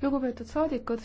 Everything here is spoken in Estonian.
lugupeetud saadikud